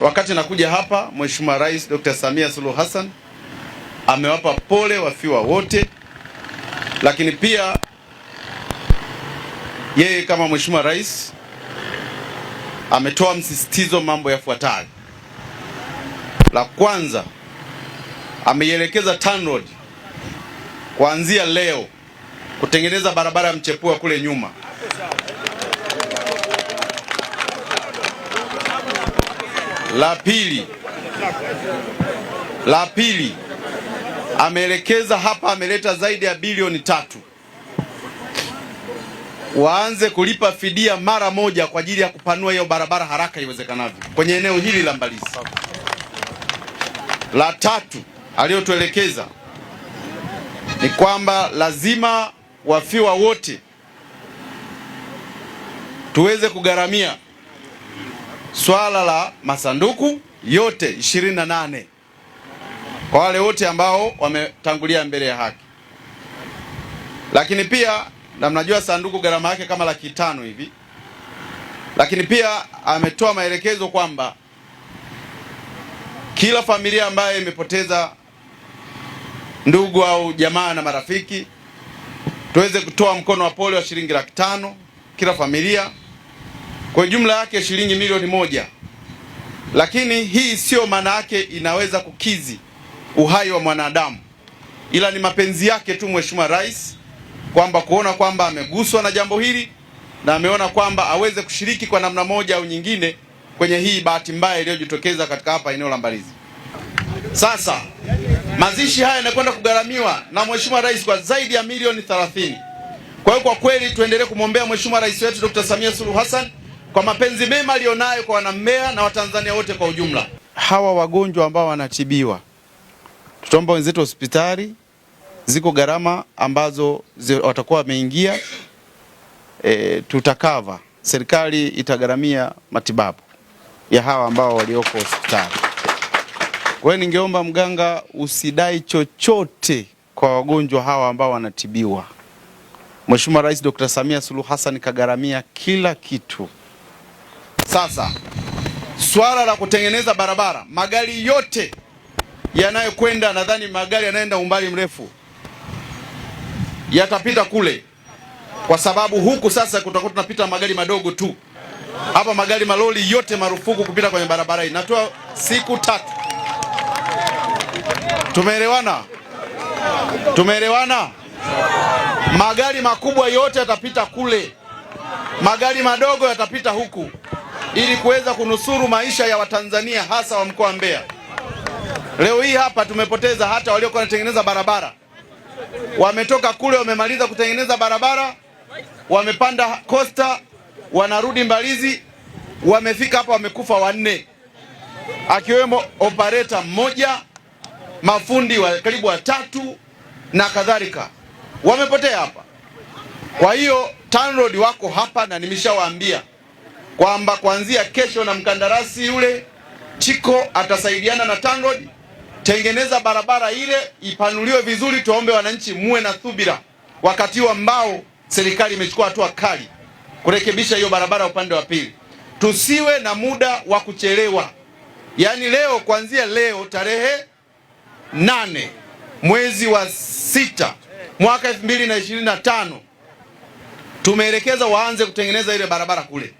Wakati nakuja hapa, Mheshimiwa Rais Dr. Samia Suluhu Hassan amewapa pole wafiwa wote, lakini pia yeye kama Mheshimiwa Rais ametoa msisitizo mambo yafuatayo. La kwanza, ameielekeza TANROADS kuanzia leo kutengeneza barabara ya mchepua kule nyuma La pili, la pili ameelekeza hapa, ameleta zaidi ya bilioni tatu waanze kulipa fidia mara moja kwa ajili ya kupanua hiyo barabara haraka iwezekanavyo kwenye eneo hili la Mbalizi. La tatu aliyotuelekeza ni kwamba lazima wafiwa wote tuweze kugharamia swala la masanduku yote 28 kwa wale wote ambao wametangulia mbele ya haki, lakini pia na mnajua sanduku gharama yake kama laki tano hivi, lakini pia ametoa maelekezo kwamba kila familia ambayo imepoteza ndugu au jamaa na marafiki tuweze kutoa mkono wa pole wa shilingi laki tano kila familia kwa jumla yake shilingi milioni moja, lakini hii sio maana yake inaweza kukizi uhai wa mwanadamu, ila ni mapenzi yake tu Mheshimiwa Rais kwamba kuona kwamba ameguswa na jambo hili na ameona kwamba aweze kushiriki kwa namna moja au nyingine kwenye hii bahati mbaya iliyojitokeza katika hapa eneo la Mbalizi. Sasa mazishi haya yanakwenda kugharamiwa na Mheshimiwa Rais kwa zaidi ya milioni 30. Kwa hiyo kwa kweli tuendelee kumwombea Mheshimiwa Rais wetu Dr. Samia Suluhu Hassan kwa mapenzi mema aliyonayo kwa wanammea na Watanzania wote kwa ujumla. Hawa wagonjwa ambao wanatibiwa, tutaomba wenzetu hospitali, ziko gharama ambazo zi watakuwa wameingia, e, tutakava, serikali itagharamia matibabu ya hawa ambao walioko hospitali. Kwa hiyo ningeomba mganga, usidai chochote kwa wagonjwa hawa ambao wanatibiwa. Mheshimiwa Rais Dr. Samia Suluhu Hassan kagharamia kila kitu. Sasa swala la kutengeneza barabara, magari yote yanayokwenda, nadhani magari yanayoenda umbali mrefu yatapita kule, kwa sababu huku sasa kutakuwa tunapita magari madogo tu. Hapa magari maloli yote marufuku kupita kwenye barabara hii. Natoa siku tatu. Tumeelewana? Tumeelewana? Magari makubwa yote yatapita kule, magari madogo yatapita huku ili kuweza kunusuru maisha ya Watanzania hasa wa mkoa wa Mbeya. Leo hii hapa tumepoteza hata waliokuwa wanatengeneza barabara, wametoka kule wamemaliza kutengeneza barabara, wamepanda kosta, wanarudi Mbalizi, wamefika hapa wamekufa wanne, akiwemo opareta mmoja, mafundi wa karibu watatu na kadhalika, wamepotea hapa. Kwa hiyo TANROADS wako hapa na nimeshawaambia kwamba kuanzia kesho na mkandarasi yule Chiko atasaidiana na TANROADS, tengeneza barabara ile ipanuliwe vizuri. Tuwaombe wananchi muwe na thubira, wakati huo ambao serikali imechukua hatua kali kurekebisha hiyo barabara upande wa pili. Tusiwe na muda wa kuchelewa, yaani leo, kuanzia leo tarehe nane mwezi wa sita mwaka elfu mbili na ishirini na tano tumeelekeza waanze kutengeneza ile barabara kule.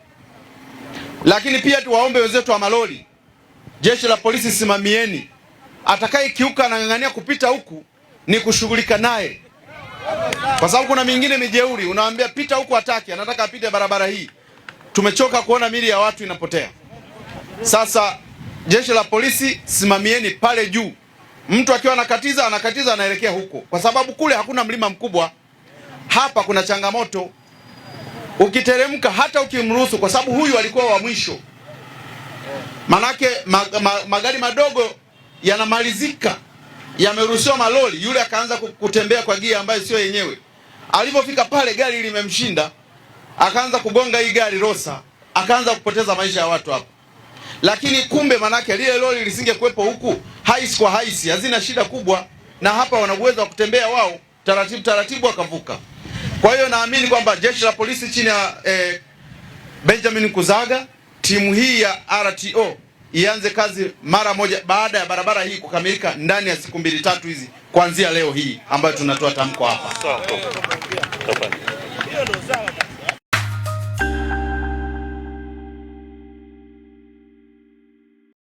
Lakini pia tuwaombe wenzetu wa malori, jeshi la polisi, simamieni kiuka anang'ang'ania kupita huku, ni kushughulika naye, kwa sababu kuna mingine mijeuri, unawaambia pita huku, hataki, anataka apite barabara hii. Tumechoka kuona mili ya watu inapotea. Sasa jeshi la polisi, simamieni pale juu, mtu akiwa anakatiza, anakatiza, anaelekea huko, kwa sababu kule hakuna mlima mkubwa. Hapa kuna changamoto ukiteremka, hata ukimruhusu, kwa sababu huyu alikuwa wa mwisho. Manake mag, mag, magari madogo yanamalizika, yameruhusiwa maloli, yule akaanza kutembea kwa gia ambayo sio yenyewe. Alipofika pale gari limemshinda, akaanza kugonga hii gari Rosa, akaanza kupoteza maisha ya watu hapo. Lakini kumbe manake lile lori lisingekuwepo huku, haisi kwa haisi hazina shida kubwa, na hapa wana uwezo wa kutembea wao taratibu taratibu, akavuka. Kwa hiyo naamini kwamba jeshi la polisi chini ya eh, Benjamin Kuzaga, timu hii ya RTO ianze kazi mara moja baada ya barabara hii kukamilika ndani ya siku mbili tatu hizi kuanzia leo hii ambayo tunatoa tamko hapa.